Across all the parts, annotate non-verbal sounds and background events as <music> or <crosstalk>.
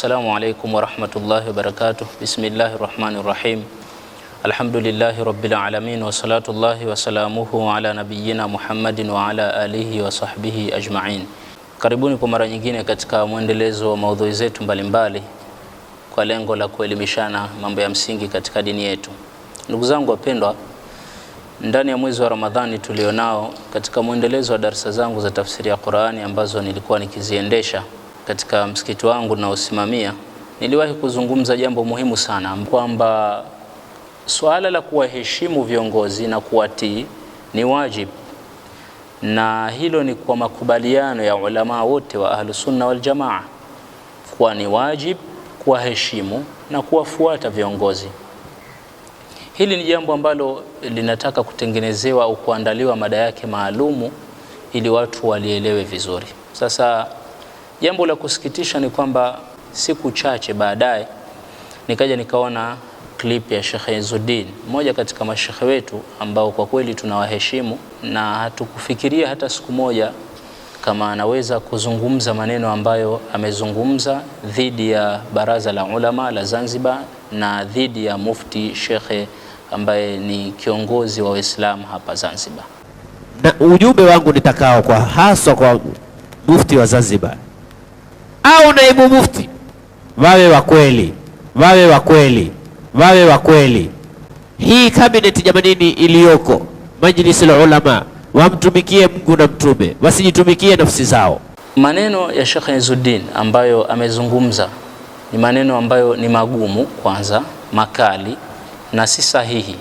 Assalamu alaikum warahmatullahi wabarakatuh. Bismillahi rahmani rahim. Alhamdulillahi rabbil alamin wasalatullahi wasalamuhu ala nabiyina Muhammadin wa ala alihi wa sahbihi ajmain. Karibuni kwa mara nyingine katika mwendelezo wa maudhui zetu mbalimbali kwa lengo la kuelimishana mambo ya msingi katika dini yetu. Ndugu zangu wapendwa, ndani ya mwezi wa Ramadhani tulionao, katika mwendelezo wa darsa zangu za tafsiri ya Qur'ani ambazo nilikuwa nikiziendesha katika msikiti wangu naosimamia, niliwahi kuzungumza jambo muhimu sana kwamba swala la kuwaheshimu viongozi na kuwatii ni wajibu, na hilo ni kwa makubaliano ya ulamaa wote wa Ahlusunna Waljamaa kuwa ni wajibu kuwaheshimu na kuwafuata viongozi. Hili ni jambo ambalo linataka kutengenezewa au kuandaliwa mada yake maalumu ili watu walielewe vizuri. Sasa Jambo la kusikitisha ni kwamba siku chache baadaye nikaja nikaona klip ya Sheikh Izzuddin, mmoja katika mashekhe wetu ambao kwa kweli tunawaheshimu na hatukufikiria hata siku moja kama anaweza kuzungumza maneno ambayo amezungumza dhidi ya baraza la ulama la Zanzibar na dhidi ya mufti shekhe ambaye ni kiongozi wa Waislamu hapa Zanzibar. Na ujumbe wangu nitakao kwa haswa kwa mufti wa Zanzibar au naibu mufti wawe wa kweli, wawe wa kweli, wawe wa kweli. Hii kabineti jamanini iliyoko Majlisul Ulama wamtumikie Mungu na mtume, wasijitumikie nafsi zao. Maneno ya Sheikh Izzuddin ambayo amezungumza ni maneno ambayo ni magumu, kwanza makali na si sahihi,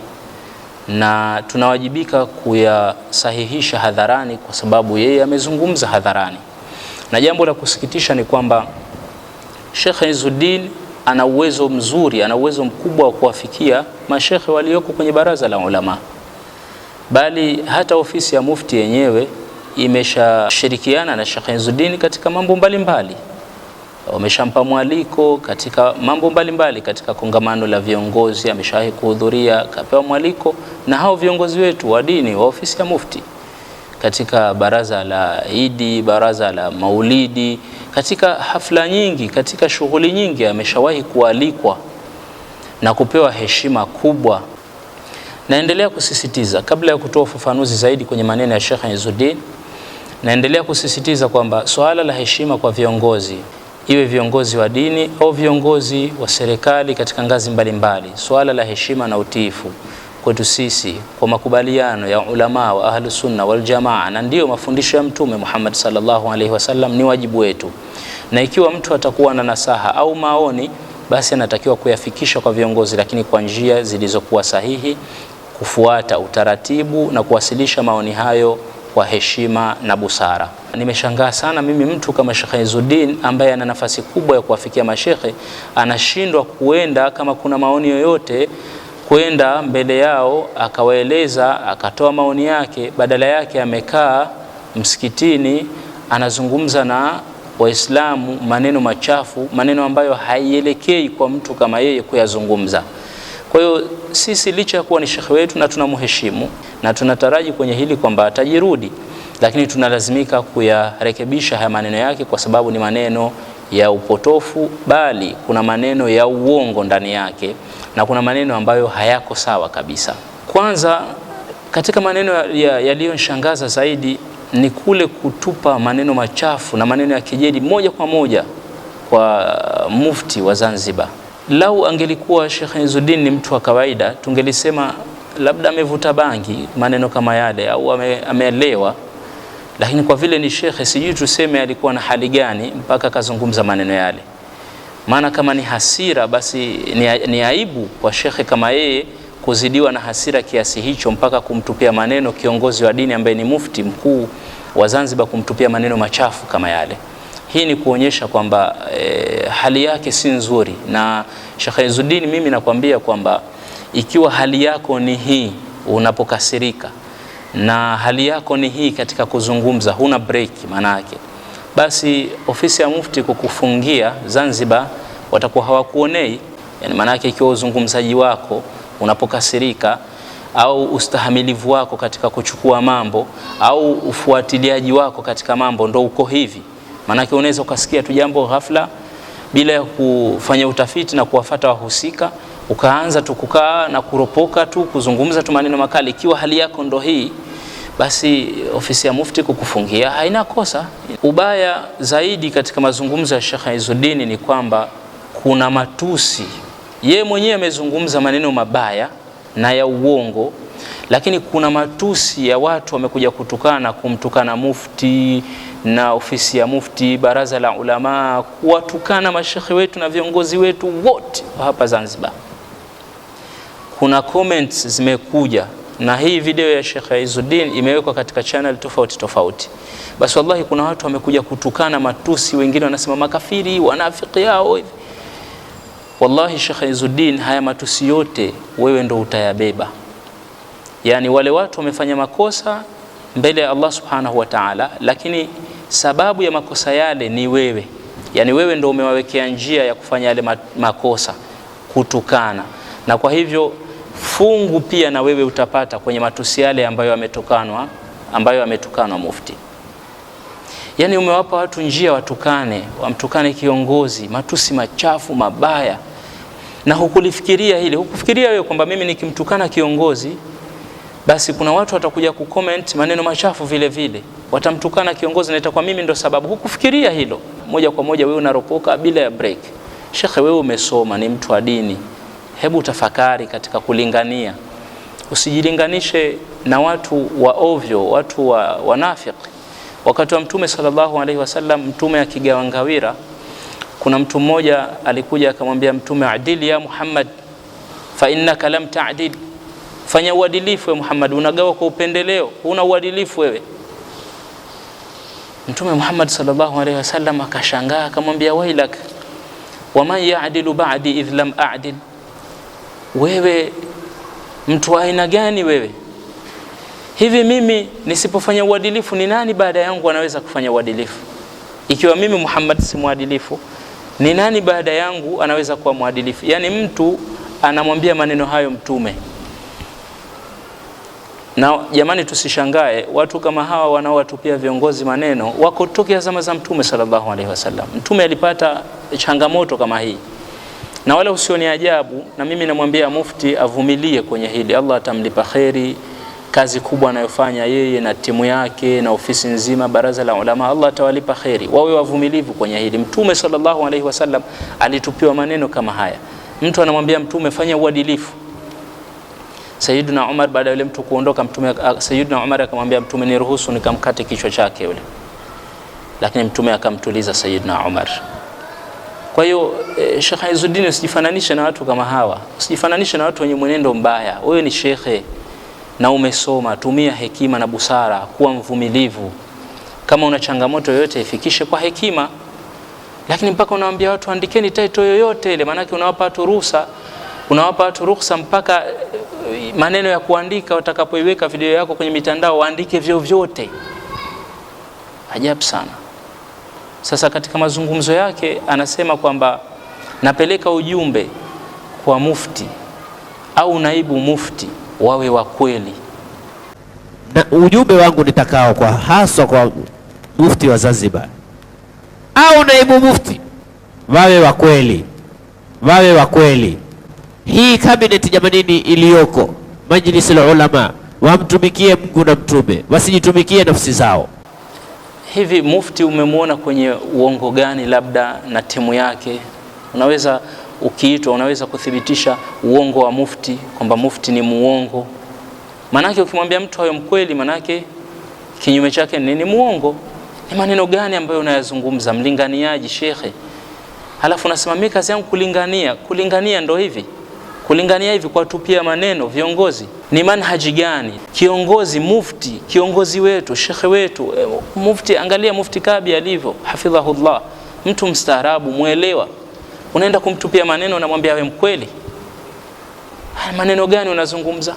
na tunawajibika kuyasahihisha hadharani, kwa sababu yeye amezungumza hadharani. Na jambo la kusikitisha ni kwamba Sheikh Izzuddin ana uwezo mzuri, ana uwezo mkubwa wa kuwafikia mashekhe walioko kwenye baraza la ulama, bali hata ofisi ya mufti yenyewe imeshashirikiana na Sheikh Izzuddin katika mambo mbalimbali, wameshampa mwaliko katika mambo mbalimbali. Katika kongamano la viongozi ameshawahi kuhudhuria, kapewa mwaliko na hao viongozi wetu wa dini wa ofisi ya mufti katika baraza la Idi, baraza la Maulidi, katika hafla nyingi, katika shughuli nyingi ameshawahi kualikwa na kupewa heshima kubwa. Naendelea kusisitiza kabla ya kutoa ufafanuzi zaidi kwenye maneno ya Sheikh Izzuddin, naendelea kusisitiza kwamba swala la heshima kwa viongozi, iwe viongozi wa dini au viongozi wa serikali katika ngazi mbalimbali, swala la heshima na utiifu kwetu sisi kwa makubaliano ya ulama wa wal jamaa, na ndiyo mafundisho ya Mtume Muhammad sallallahu alaihi wasallam, ni wajibu wetu. Na ikiwa mtu atakuwa na nasaha au maoni, basi anatakiwa kuyafikisha kwa viongozi, lakini kwa njia zilizokuwa sahihi, kufuata utaratibu na kuwasilisha maoni hayo kwa heshima na busara. Nimeshangaa sana mimi mtu kama Sheikh Izzuddin ambaye ana nafasi kubwa ya kuwafikia mashekhe anashindwa kuenda kama kuna maoni yoyote kwenda mbele yao akawaeleza, akatoa maoni yake. Badala yake amekaa msikitini anazungumza na Waislamu maneno machafu, maneno ambayo haielekei kwa mtu kama yeye kuyazungumza. Kwa hiyo sisi licha ya kuwa ni shekhe wetu na tunamheshimu na tunataraji kwenye hili kwamba atajirudi, lakini tunalazimika kuyarekebisha haya maneno yake, kwa sababu ni maneno ya upotofu, bali kuna maneno ya uongo ndani yake na kuna maneno ambayo hayako sawa kabisa. Kwanza, katika maneno yaliyoshangaza ya zaidi ni kule kutupa maneno machafu na maneno ya kejeli moja kwa moja kwa mufti wa Zanzibar. Lau angelikuwa Sheikh Izzuddin ni mtu wa kawaida, tungelisema labda amevuta bangi, maneno kama yale, au amelewa lakini kwa vile ni shekhe, sijui tuseme alikuwa na hali gani mpaka akazungumza maneno yale. Maana kama ni hasira, basi ni, ni aibu kwa shekhe kama yeye kuzidiwa na hasira kiasi hicho mpaka kumtupia maneno kiongozi wa dini ambaye ni mufti mkuu wa Zanzibar, kumtupia maneno machafu kama yale. Hii ni kuonyesha kwamba e, hali yake si nzuri. Na Sheikh Izzuddin, mimi nakwambia kwamba ikiwa hali yako ni hii unapokasirika na hali yako ni hii katika kuzungumza, huna break maana yake, basi ofisi ya mufti kukufungia Zanzibar watakuwa hawakuonei yani, maana yake ikiwa uzungumzaji wako unapokasirika au ustahamilivu wako katika kuchukua mambo au ufuatiliaji wako katika mambo ndo uko hivi, maanake unaweza ukasikia tu jambo ghafla bila ya kufanya utafiti na kuwafata wahusika ukaanza tu kukaa na kuropoka tu kuzungumza tu maneno makali, ikiwa hali yako ndo hii, basi ofisi ya mufti kukufungia haina kosa. Ubaya zaidi katika mazungumzo ya Sheikh Izzuddin ni kwamba kuna matusi. ye mwenyewe amezungumza maneno mabaya na ya uongo, lakini kuna matusi ya watu wamekuja kutukana, kumtukana mufti na ofisi ya mufti, baraza la ulamaa, kuwatukana mashekhe wetu na viongozi wetu wote hapa Zanzibar kuna comments zimekuja na hii video ya Sheikh Izuddin imewekwa katika channel tofauti tofauti. Basi wallahi, kuna watu wamekuja kutukana matusi, wengine wanasema makafiri, wanafiki yao hivi. Wallahi Sheikh Izuddin, haya matusi yote wewe ndo utayabeba. Yaani wale watu wamefanya makosa mbele ya Allah subhanahu wa ta'ala, lakini sababu ya makosa yale ni wewe. Yaani wewe ndo umewawekea njia ya kufanya yale makosa, kutukana na kwa hivyo fungu pia na wewe utapata kwenye matusi yale ambayo ametukanwa, ambayo ametukanwa mufti. Yaani umewapa watu njia watukane, wamtukane kiongozi, matusi machafu mabaya, na hukulifikiria hili, hukufikiria wewe kwamba mimi nikimtukana kiongozi basi kuna watu watakuja kucomment maneno machafu vile vile, watamtukana kiongozi na itakuwa mimi ndo sababu. Hukufikiria hilo moja kwa moja, wewe unaropoka bila ya break. Shekhe, wewe umesoma, ni mtu wa dini hebu tafakari katika kulingania, usijilinganishe na watu wa ovyo, watu wa wanafiki. Wakati wa Mtume sallallahu alaihi wasallam, Mtume akigawa ngawira, kuna mtu mmoja alikuja akamwambia Mtume, adili ya Muhammad fa innaka lam ta'dil, fanya uadilifu wewe Muhammad, unagawa kwa upendeleo, una uadilifu wewe. Mtume Muhammad sallallahu alaihi wasallam akashangaa akamwambia, wailak waman ya'dilu ba'di idh lam a'dil wewe mtu wa aina gani wewe? Hivi mimi nisipofanya uadilifu ni nani baada yangu anaweza kufanya uadilifu? Ikiwa mimi Muhammad si mwadilifu, ni nani baada yangu anaweza kuwa mwadilifu? Yaani mtu anamwambia maneno hayo Mtume. Na jamani, tusishangae watu kama hawa wanaowatupia viongozi maneno wako tokea zama za Mtume sallallahu alaihi wasallam. Mtume alipata changamoto kama hii na wala usioni ajabu, na mimi namwambia mufti avumilie kwenye hili. Allah atamlipa kheri kazi kubwa anayofanya yeye na timu yake na ofisi nzima baraza la ulama, Allah atawalipa kheri. Wawe wavumilivu kwenye hili. Mtume sallallahu alaihi wasallam alitupiwa maneno kama haya, mtu anamwambia Mtume, fanya uadilifu. Sayyiduna Umar, baada ya yule mtu kuondoka, Mtume ah, Sayyiduna Umar akamwambia Mtume, niruhusu nikamkate kichwa chake yule, lakini Mtume akamtuliza Sayyiduna Umar. Kwa hiyo eh, Sheikh Izzuddin usijifananishe na watu kama hawa, usijifananishe na watu wenye mwenendo mbaya. Wewe ni shekhe na umesoma, tumia hekima na busara, kuwa mvumilivu. Kama una changamoto yoyote ifikishe kwa hekima, lakini mpaka unawaambia watu andikeni title yoyote ile, maanake unawapa watu ruhusa, unawapa watu ruhusa mpaka eh, maneno ya kuandika. Utakapoiweka video yako kwenye mitandao waandike vyovyote. Ajabu sana. Sasa katika mazungumzo yake anasema kwamba napeleka ujumbe kwa mufti au naibu mufti wawe wa kweli, na ujumbe wangu nitakao kwa haswa kwa mufti wa Zanzibar au naibu mufti wawe wa kweli, wawe wa kweli. Hii kabineti jamanini, iliyoko majlisi la ulama wamtumikie Mungu na mtume, wasijitumikie nafsi zao hivi Mufti umemwona kwenye uongo gani? Labda na timu yake, unaweza ukiitwa, unaweza kuthibitisha uongo wa Mufti kwamba Mufti ni muongo? Maanake ukimwambia mtu awe mkweli, maanake kinyume chake ni ni muongo. Ni maneno gani ambayo unayazungumza? Mlinganiaji shekhe, halafu unasema mimi kazi yangu kulingania. Kulingania ndo hivi kulingania hivi kwa tupia maneno viongozi ni manhaji gani? Kiongozi mufti, kiongozi wetu, shekhe wetu, eh, mufti. Angalia Mufti Kabi alivyo, hafidhahullah, mtu mstaarabu, mwelewa. Unaenda kumtupia maneno, unamwambia we mkweli? Maneno gani unazungumza?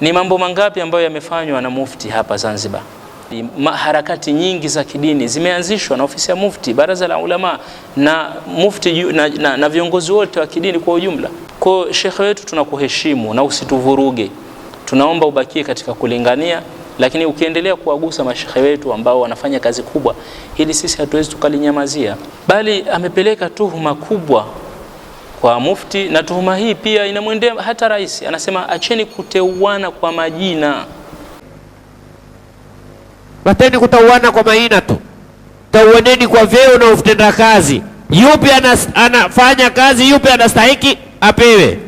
Ni mambo mangapi ambayo yamefanywa na mufti hapa Zanzibar? Harakati nyingi za kidini zimeanzishwa na ofisi ya mufti, baraza la ulama na mufti na, na, na viongozi wote wa kidini kwa ujumla. Kwa shekhe wetu, tunakuheshimu na usituvuruge. Tunaomba ubakie katika kulingania, lakini ukiendelea kuwagusa mashekhe wetu ambao wanafanya kazi kubwa, hili sisi hatuwezi tukalinyamazia, bali amepeleka tuhuma kubwa kwa mufti, na tuhuma hii pia inamwendea hata rais. Anasema acheni kuteuana kwa majina, wateni kutauana kwa majina tu, tauaneni kwa vyeo na kazi, Yupi anafanya kazi, yupi anastahiki apewe.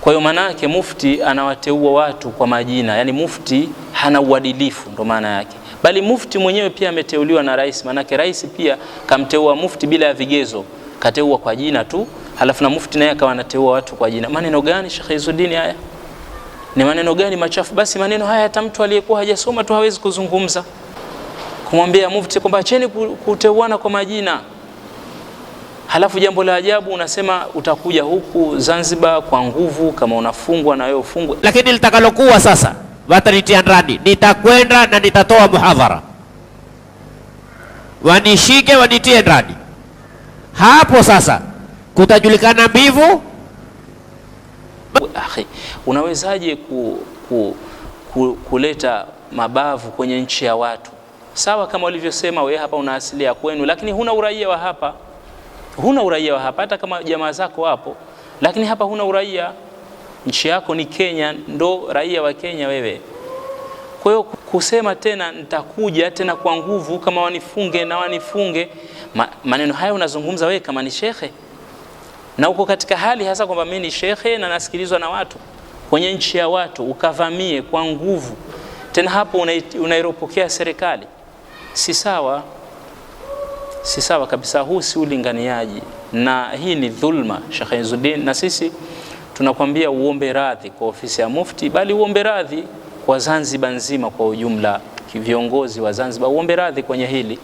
Kwa hiyo maana yake mufti anawateua watu kwa majina, yani mufti hana uadilifu, ndo maana yake, bali mufti mwenyewe pia ameteuliwa na rais. manake rais pia kamteua mufti bila ya vigezo, kateua kwa jina tu, halafu na mufti naye akawa anateua watu kwa jina. Maneno gani Sheikh Izzuddin haya? Ni maneno gani machafu? Basi maneno haya hata mtu aliyekuwa hajasoma tu hawezi kuzungumza, kumwambia mufti kwamba acheni kuteuana kwa majina. Halafu jambo la ajabu unasema utakuja huku Zanzibar kwa nguvu, kama unafungwa na wewe ufungwe. Lakini litakalokuwa sasa, watanitia ndani, nitakwenda na nitatoa muhadhara, wanishike wanitie ndani. Hapo sasa kutajulikana mbivu. Akhi, unawezaje ku, ku, ku, kuleta mabavu kwenye nchi ya watu? Sawa, kama ulivyosema wewe, hapa una asili ya kwenu, lakini huna uraia wa hapa huna uraia wa hapa, hata kama jamaa zako wapo, lakini hapa huna uraia. Nchi yako ni Kenya, ndo raia wa Kenya wewe. Kwa hiyo kusema tena nitakuja tena kwa nguvu, kama wanifunge na wanifunge, maneno haya unazungumza wewe kama ni shekhe, na uko katika hali hasa kwamba mimi ni shekhe na nasikilizwa na watu kwenye nchi ya watu, ukavamie kwa nguvu tena hapo unairopokea serikali, si sawa si sawa kabisa, huu si ulinganiaji na hii ni dhulma, Sheikh Izzuddin. Na sisi tunakwambia uombe radhi kwa ofisi ya Mufti, bali uombe radhi kwa Zanzibar nzima kwa ujumla, kiviongozi wa Zanzibar uombe radhi kwenye hili.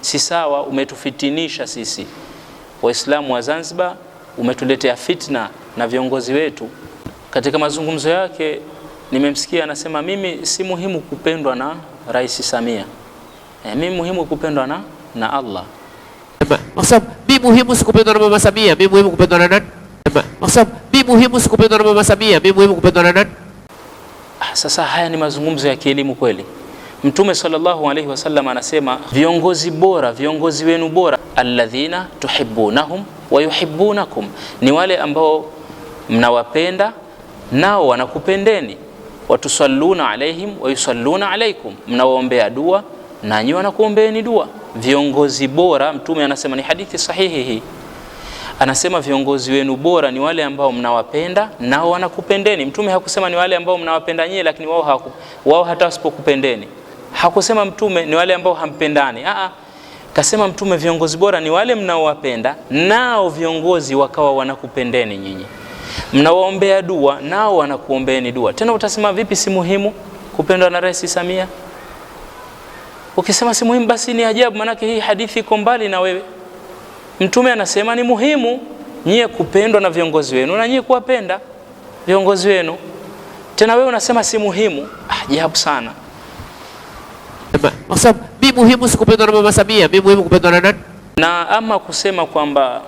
Si sawa, umetufitinisha sisi Waislamu wa Zanzibar, umetuletea fitna na viongozi wetu. Katika mazungumzo yake nimemsikia anasema, mimi si muhimu kupendwa na Rais Samia e, mimi muhimu kupendwa na, na Allah. Maksud bi muhimu sikupendwa na Mama Samia, bi muhimu kupendwa na nani? Maksud bi muhimu sikupendwa na Mama Samia, bi muhimu kupendwa na nani? Ah, sasa haya ni mazungumzo ya kielimu kweli. Mtume sallallahu alaihi wasallam anasema viongozi bora, viongozi wenu bora, alladhina tuhibbunahum wa yuhibbunakum, ni wale ambao mnawapenda nao wanakupendeni. Watusalluna alaihim wa yusalluna alaikum, mnawaombea dua nanyi wanakuombeeni dua viongozi bora, Mtume anasema ni hadithi sahihi hii, anasema viongozi wenu bora ni wale ambao mnawapenda nao wanakupendeni. Mtume hakusema ni wale ambao mnawapenda nyie, lakini wao haku, wao hata wasipokupendeni. Hakusema Mtume ni wale ambao hampendani. Aa, kasema Mtume viongozi bora ni wale mnaowapenda nao viongozi wakawa wanakupendeni nyinyi, mnawaombea dua nao wanakuombeeni dua. Tena utasema vipi, si muhimu kupendwa na Rais Samia? Ukisema si muhimu, basi ni ajabu, maanake hii hadithi iko mbali na wewe. Mtume anasema ni muhimu nyie kupendwa na viongozi wenu na nyie kuwapenda viongozi wenu, tena wewe unasema si muhimu. Ajabu sana. Kwa sababu mi muhimu kupendwa na mama Samia, mi muhimu kupendwa na nani? Na ama kusema kwamba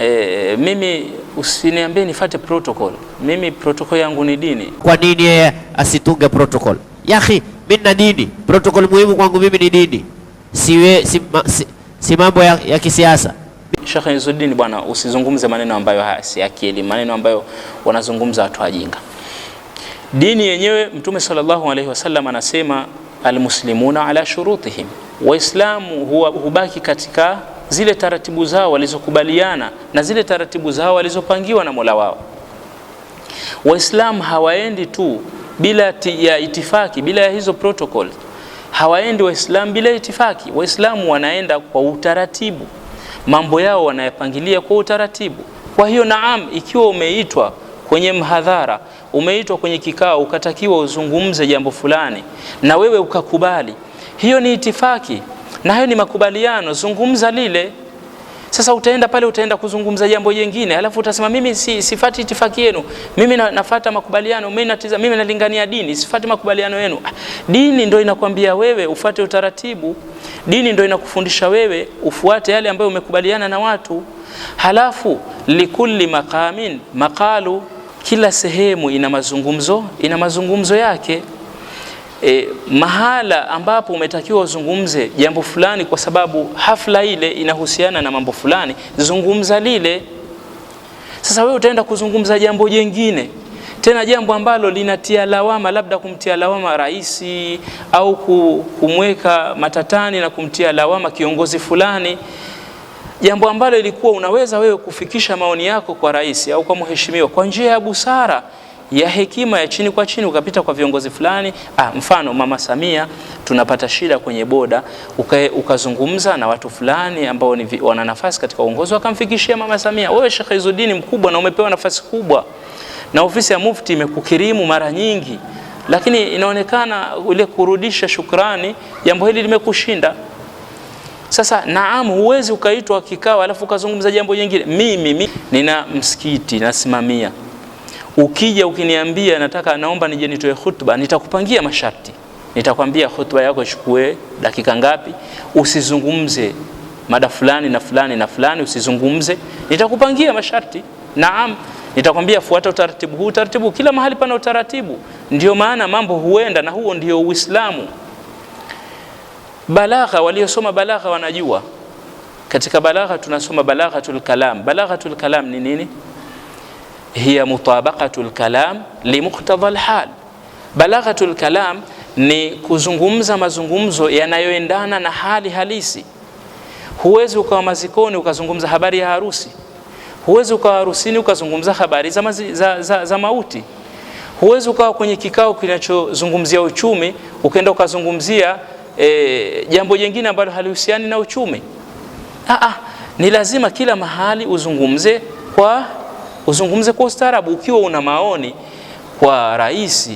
e, mimi usiniambie nifate protocol, mimi protocol yangu ni dini. Kwa nini yeye asitunge protocol? Yahi, mimi na dini. Protokoli muhimu kwangu mimi ni dini, siwe si, si, si mambo ya, ya kisiasa. Sheikh Izzuddin bwana, usizungumze maneno ambayo si ya kielimu, maneno ambayo wanazungumza watu wajinga. Dini yenyewe Mtume sallallahu alaihi wasallam anasema almuslimuna ala shurutihim, Waislamu hubaki katika zile taratibu zao walizokubaliana na zile taratibu zao walizopangiwa na Mola wao. Waislamu hawaendi tu bila ya itifaki, bila ya hizo protocol hawaendi Waislamu bila itifaki. Waislamu wanaenda kwa utaratibu, mambo yao wanayapangilia kwa utaratibu. Kwa hiyo, naam, ikiwa umeitwa kwenye mhadhara, umeitwa kwenye kikao, ukatakiwa uzungumze jambo fulani na wewe ukakubali, hiyo ni itifaki na hayo ni makubaliano, zungumza lile. Sasa utaenda pale, utaenda kuzungumza jambo jingine, alafu utasema mimi si, sifati itifaki yenu, mimi na, nafata makubaliano, mimi natiza, mimi nalingania dini, sifati makubaliano yenu. Dini ndio inakwambia wewe ufuate utaratibu, dini ndio inakufundisha wewe ufuate yale ambayo umekubaliana na watu. Halafu likulli maqamin maqalu, kila sehemu ina mazungumzo ina mazungumzo yake e, mahala ambapo umetakiwa uzungumze jambo fulani kwa sababu hafla ile inahusiana na mambo fulani, zungumza lile. Sasa wewe utaenda kuzungumza jambo jengine tena jambo ambalo linatia lawama, labda kumtia lawama rais au kumweka matatani na kumtia lawama kiongozi fulani, jambo ambalo ilikuwa unaweza wewe kufikisha maoni yako kwa rais au kwa mheshimiwa kwa njia ya busara ya hekima ya chini kwa chini, ukapita kwa viongozi fulani. Ah, mfano Mama Samia, tunapata shida kwenye boda, ukazungumza uka na watu fulani ambao ni wana nafasi katika uongozi, wakamfikishia Mama Samia, wewe Sheikh Izudini mkubwa na umepewa nafasi kubwa na ofisi ya mufti imekukirimu mara nyingi, lakini inaonekana ile kurudisha shukrani, jambo hili limekushinda. Sasa naam, huwezi ukaitwa kikao alafu ukazungumza jambo jingine. Mimi, mimi nina msikiti nasimamia Ukija ukiniambia nataka naomba nije nitoe khutba, nitakupangia masharti, nitakwambia khutba yako ichukue dakika ngapi, usizungumze mada fulani na fulani na fulani, usizungumze. Nitakupangia masharti, naam, nitakwambia fuata utaratibu huu, utaratibu. Kila mahali pana utaratibu, ndio maana mambo huenda, na huo ndio Uislamu. Balagha, waliosoma balagha wanajua katika balagha tunasoma balaghatul kalam. Balaghatul kalam ni nini? hiya mutabaqatu lkalam limuktadha lhal. Balaghatu lkalam ni kuzungumza mazungumzo yanayoendana na hali halisi. Huwezi ukawa mazikoni ukazungumza habari ya harusi, huwezi ukawa harusini ukazungumza habari za, mazi, za, za, za mauti. Huwezi ukawa kwenye kikao kinachozungumzia uchumi ukaenda ukazungumzia e, jambo jingine ambalo halihusiani na uchumi. Aa, ni lazima kila mahali uzungumze kwa uzungumze kwa ustaarabu. Ukiwa una maoni kwa rais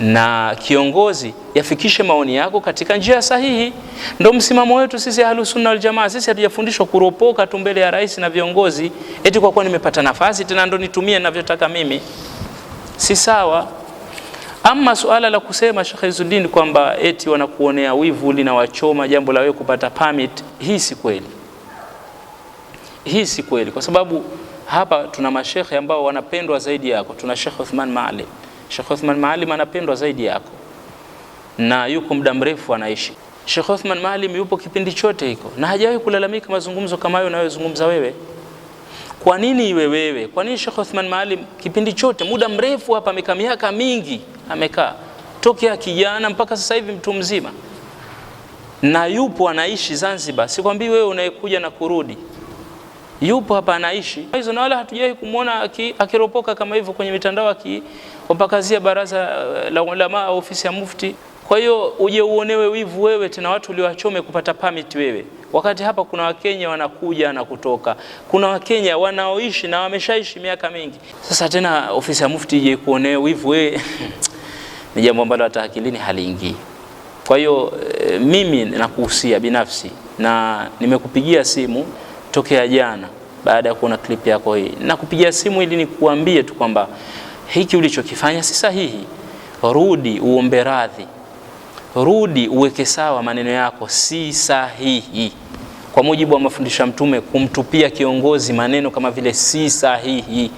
na kiongozi, yafikishe maoni yako katika njia sahihi. Ndo msimamo wetu sisi Ahlus Sunna wal Jamaa. Sisi hatujafundishwa kuropoka tu mbele ya rais na viongozi, eti kwa kuwa nimepata nafasi tena ndo nitumie ninavyotaka mimi. Si sawa. Ama suala la kusema Sheikh Izzuddin kwamba eti wanakuonea wivu wachoma jambo la wewe kupata permit, hii si kweli, hii si kweli kwa sababu hapa tuna mashekhe ambao wanapendwa zaidi yako. Tuna Sheikh Uthman Maalim. Sheikh Uthman Maalim anapendwa zaidi yako na yuko muda mrefu anaishi. Sheikh Uthman Maalim yupo kipindi chote hiko na hajawahi kulalamika mazungumzo kama hayo unayozungumza wewe. Kwa nini iwe wewe? Kwa nini Sheikh Uthman Maalim kipindi chote muda mrefu hapa amekaa, miaka mingi amekaa tokea kijana mpaka sasa hivi mtu mzima, na yupo anaishi Zanzibar. Sikwambii wewe unayekuja na kurudi yupo hapa anaishi hizo, na wala hatujawahi kumwona akiropoka kama hivyo kwenye mitandao akiwapakazia baraza eh, la ulama au ofisi ya mufti. Kwa hiyo uje uonewe wivu wewe, tena watu uliowachome kupata permit wewe, wakati hapa kuna Wakenya wanakuja na kutoka, kuna Wakenya wanaoishi na wameshaishi miaka mingi. Sasa tena ofisi ya mufti ije kuonewe wivu wewe <laughs> ni jambo ambalo hata akilini haliingii. Kwa hiyo eh, mimi nakuhusia binafsi, na nimekupigia simu tokea jana, baada ya kuona clip yako hii, na kupigia simu ili nikuambie tu kwamba hiki ulichokifanya si sahihi. Rudi uombe radhi, rudi uweke sawa, maneno yako si sahihi. Kwa mujibu wa mafundisho ya Mtume, kumtupia kiongozi maneno kama vile si sahihi,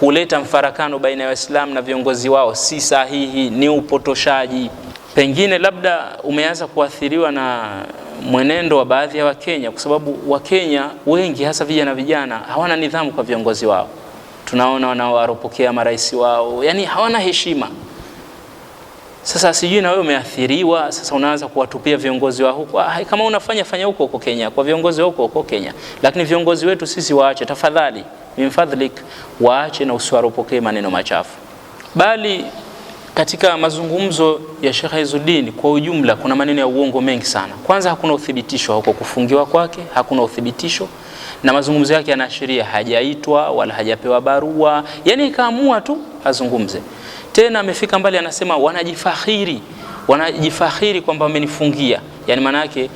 kuleta mfarakano baina ya Waislamu na viongozi wao si sahihi, ni upotoshaji. Pengine labda umeanza kuathiriwa na mwenendo wa baadhi ya Wakenya, kwa sababu Wakenya wengi hasa vijana vijana hawana nidhamu kwa viongozi wao. Tunaona wanawaropokea marais wao, yani hawana heshima. Sasa sijui na wewe umeathiriwa, sasa unaanza kuwatupia viongozi wa huko. Ah, kama unafanya fanya huko huko Kenya, kwa viongozi wa huko huko Kenya, lakini viongozi wetu sisi waache tafadhali, mimfadhlik, waache na usiwaropokee maneno machafu, bali katika mazungumzo ya Sheikh Izzuddin kwa ujumla kuna maneno ya uongo mengi sana. Kwanza, hakuna uthibitisho huko kufungiwa kwake, hakuna uthibitisho na mazungumzo yake yanaashiria hajaitwa wala hajapewa barua, yaani ikaamua tu azungumze. Tena amefika mbali, anasema wanajifakhiri, wanajifakhiri kwamba wamenifungia, yaani maana yake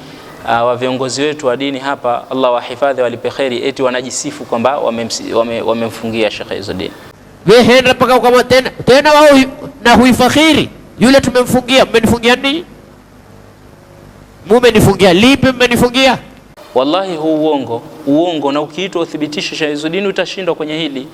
Uh, wa viongozi wetu wa dini hapa, Allah wahifadhi, walipeheri, eti wanajisifu kwamba wamemfungia wame wame Sheikh Izzuddin. Wewe mpaka ukama tena tena wao na huifakhiri yule tumemfungia. Mmenifungia nini? Mumenifungia lipi? Mmenifungia wallahi, huu uongo uongo, na ukiitwa uthibitisho Shahizudini Izzuddin utashindwa kwenye hili.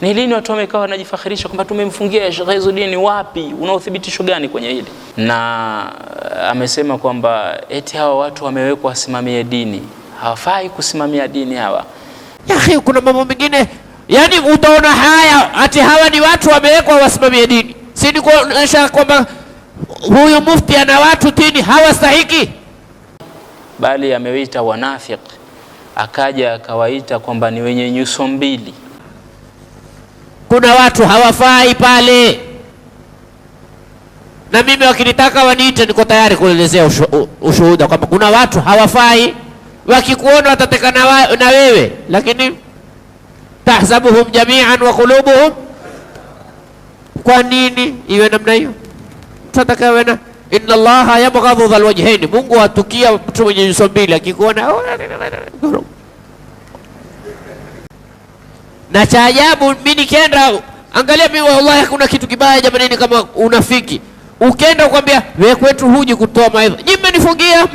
Ni lini watu wamekaa wanajifakhirisha kwamba tumemfungia Sheikh Izzuddin? Wapi, una uthibitisho gani kwenye hili? Na eh, amesema kwamba eti hawa watu wamewekwa wasimamie dini, hawafai kusimamia dini hawa. Yaani kuna mambo mengine Yaani utaona haya ati hawa ni watu wamewekwa wasimamie dini, si ni kuonyesha kwamba huyu mufti ana watu tini hawastahiki, bali amewita wanafiq, akaja akawaita kwamba ni wenye nyuso mbili. Kuna watu hawafai pale, na mimi wakinitaka waniite, niko tayari kuelezea ushuhuda kwamba kuna watu hawafai. Wakikuona watatekana na wewe, lakini tahsabuhum jami'an wa qulubuhum. Kwa nini iwe namna hiyo? Sadaka wena inna Allaha yabghadhu dhal wajhain, Mungu atukia mtu mwenye nyuso mbili akikuona. Oh, na cha ajabu mimi nikienda, angalia mimi wallahi, hakuna kitu kibaya jamani, kama unafiki ukenda ukwambia wewe kwetu huji kutoa maidha, nyinyi mmenifungia,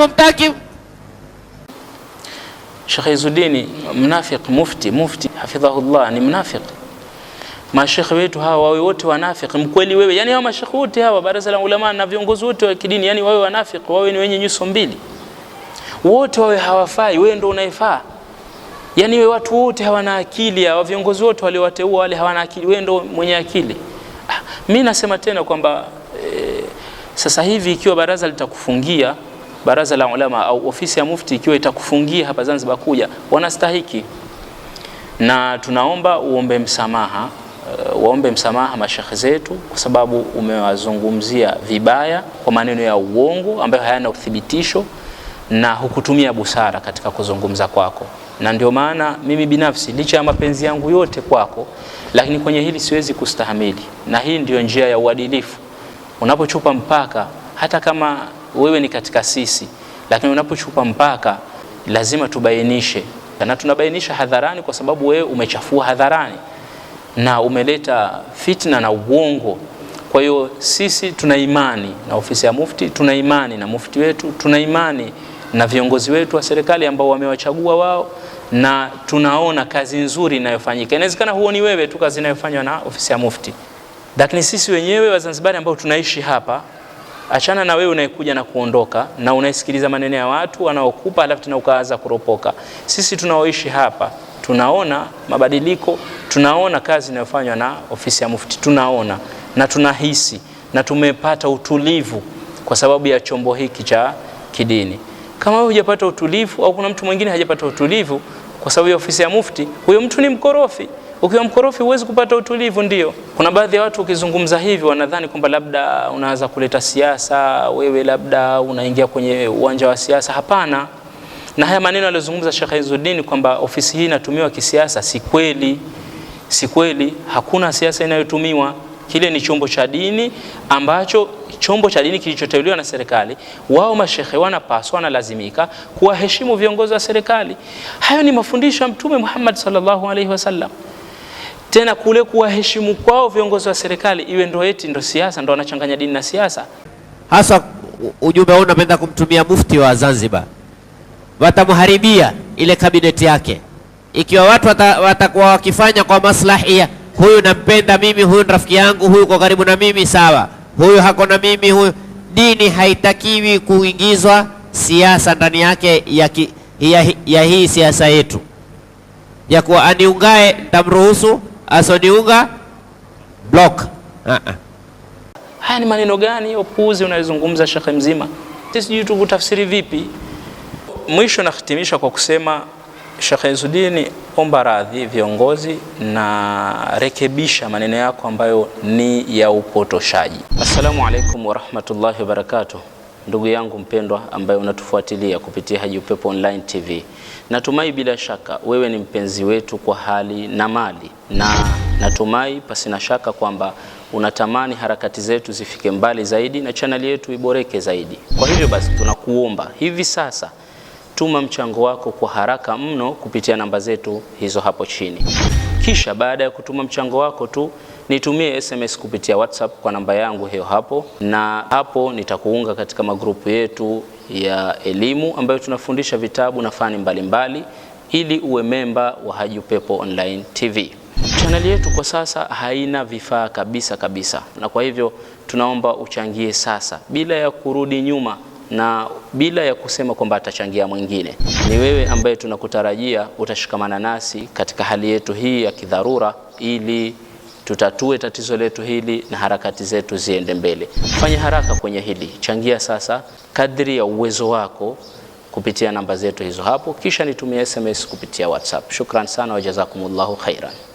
Sheikh Izudini mnafiq, mufti mufti hafidhahullah ni mnafiq. Mashekhe wetu hawa wawe wote wanafiq, mkweli wewe. Yani hawa mashekhe wote hawa baraza la ulama na viongozi wote wa kidini, yani wawe wanafiq, wawe ni wenye nyuso mbili, wote wawe hawafai, wewe ndio unaifaa. Yani wewe watu wote hawana akili, hawa viongozi wote waliowateua wale hawana akili, wewe ndio mwenye akili. Ah, mimi nasema tena kwamba eh, sasa hivi ikiwa baraza litakufungia baraza la ulama au ofisi ya mufti ikiwa itakufungia hapa Zanzibar kuja, wanastahiki na tunaomba uombe msamaha uh, waombe msamaha mashekhe zetu, kwa sababu umewazungumzia vibaya kwa maneno ya uongo ambayo hayana uthibitisho na hukutumia busara katika kuzungumza kwako, na ndio maana mimi binafsi licha ya mapenzi yangu yote kwako, lakini kwenye hili siwezi kustahamili, na hii ndio njia ya uadilifu. Unapochupa mpaka hata kama wewe ni katika sisi, lakini unapochupa mpaka lazima tubainishe, na tunabainisha hadharani, kwa sababu wewe umechafua hadharani na umeleta fitna na uongo. Kwa hiyo sisi tuna imani na ofisi ya Mufti, tuna imani na mufti wetu, tuna imani na viongozi wetu wa serikali ambao wamewachagua wao, na tunaona kazi nzuri inayofanyika. Inawezekana huoni wewe tu kazi inayofanywa na ofisi ya Mufti, lakini sisi wenyewe Wazanzibari ambao tunaishi hapa Achana na wewe unayekuja na kuondoka na unaisikiliza maneno ya watu wanaokupa, alafu tena ukaanza kuropoka. Sisi tunaoishi hapa tunaona mabadiliko, tunaona kazi inayofanywa na ofisi ya Mufti, tunaona na tunahisi na tumepata utulivu kwa sababu ya chombo hiki cha kidini. Kama wewe hujapata utulivu au kuna mtu mwingine hajapata utulivu kwa sababu ya ofisi ya Mufti, huyo mtu ni mkorofi. Ukiwa mkorofi huwezi kupata utulivu. Ndio kuna baadhi ya watu ukizungumza hivi wanadhani kwamba labda unaanza kuleta siasa, wewe labda unaingia kwenye uwanja wa siasa. Hapana. Na haya maneno aliyozungumza Sheikh Izzuddin kwamba ofisi hii inatumiwa kisiasa, si kweli, si kweli. Hakuna siasa inayotumiwa Kile ni chombo cha dini ambacho chombo cha dini kilichoteuliwa na serikali. Wao mashehe wanapaswa, wanalazimika kuwaheshimu viongozi wa serikali. Hayo ni mafundisho ya Mtume Muhammad sallallahu alaihi wasallam tena kule kuwaheshimu kwao viongozi wa serikali iwe ndo eti ndo siasa ndo wanachanganya dini na siasa. Hasa ujumbe huu unapenda kumtumia mufti wa Zanzibar, watamharibia ile kabineti yake ikiwa watu watakuwa wakifanya kwa maslahi ya huyu nampenda mimi, huyu ni rafiki yangu, huyu kwa karibu na mimi, sawa, huyu hako na mimi, huyu. Dini haitakiwi kuingizwa siasa ndani yake ya, ki, ya, ya hii siasa yetu ya kuwa aniungae ntamruhusu Asoni Unga block. Ah, ah. Haya ni maneno gani ya upuuzi unayozungumza shekhe mzima? Sijui tukutafsiri vipi. Mwisho nahitimisha kwa kusema Shekhe Izudini, omba radhi viongozi, na rekebisha maneno yako ambayo ni ya upotoshaji. Assalamu alaikum warahmatullahi wabarakatuh ndugu yangu mpendwa ambaye unatufuatilia kupitia Haji Upepo Online TV. Natumai bila shaka wewe ni mpenzi wetu kwa hali na mali, na natumai na shaka kwamba unatamani harakati zetu zifike mbali zaidi na chaneli yetu iboreke zaidi. Kwa hivyo basi, tunakuomba hivi sasa tuma mchango wako kwa haraka mno kupitia namba zetu hizo hapo chini. Kisha baada ya kutuma mchango wako tu nitumie SMS kupitia WhatsApp kwa namba yangu hiyo hapo, na hapo nitakuunga katika magrupu yetu ya elimu ambayo tunafundisha vitabu na fani mbalimbali mbali, ili uwe memba wa Haji Upepo Online TV. Chaneli yetu kwa sasa haina vifaa kabisa kabisa, na kwa hivyo tunaomba uchangie sasa bila ya kurudi nyuma na bila ya kusema kwamba atachangia mwingine. Ni wewe ambaye tunakutarajia utashikamana nasi katika hali yetu hii ya kidharura ili tutatue tatizo letu hili na harakati zetu ziende mbele. Fanya haraka kwenye hili, changia sasa kadri ya uwezo wako kupitia namba zetu hizo hapo, kisha nitumie SMS kupitia WhatsApp. Shukran sana, wajazakumullahu khairan.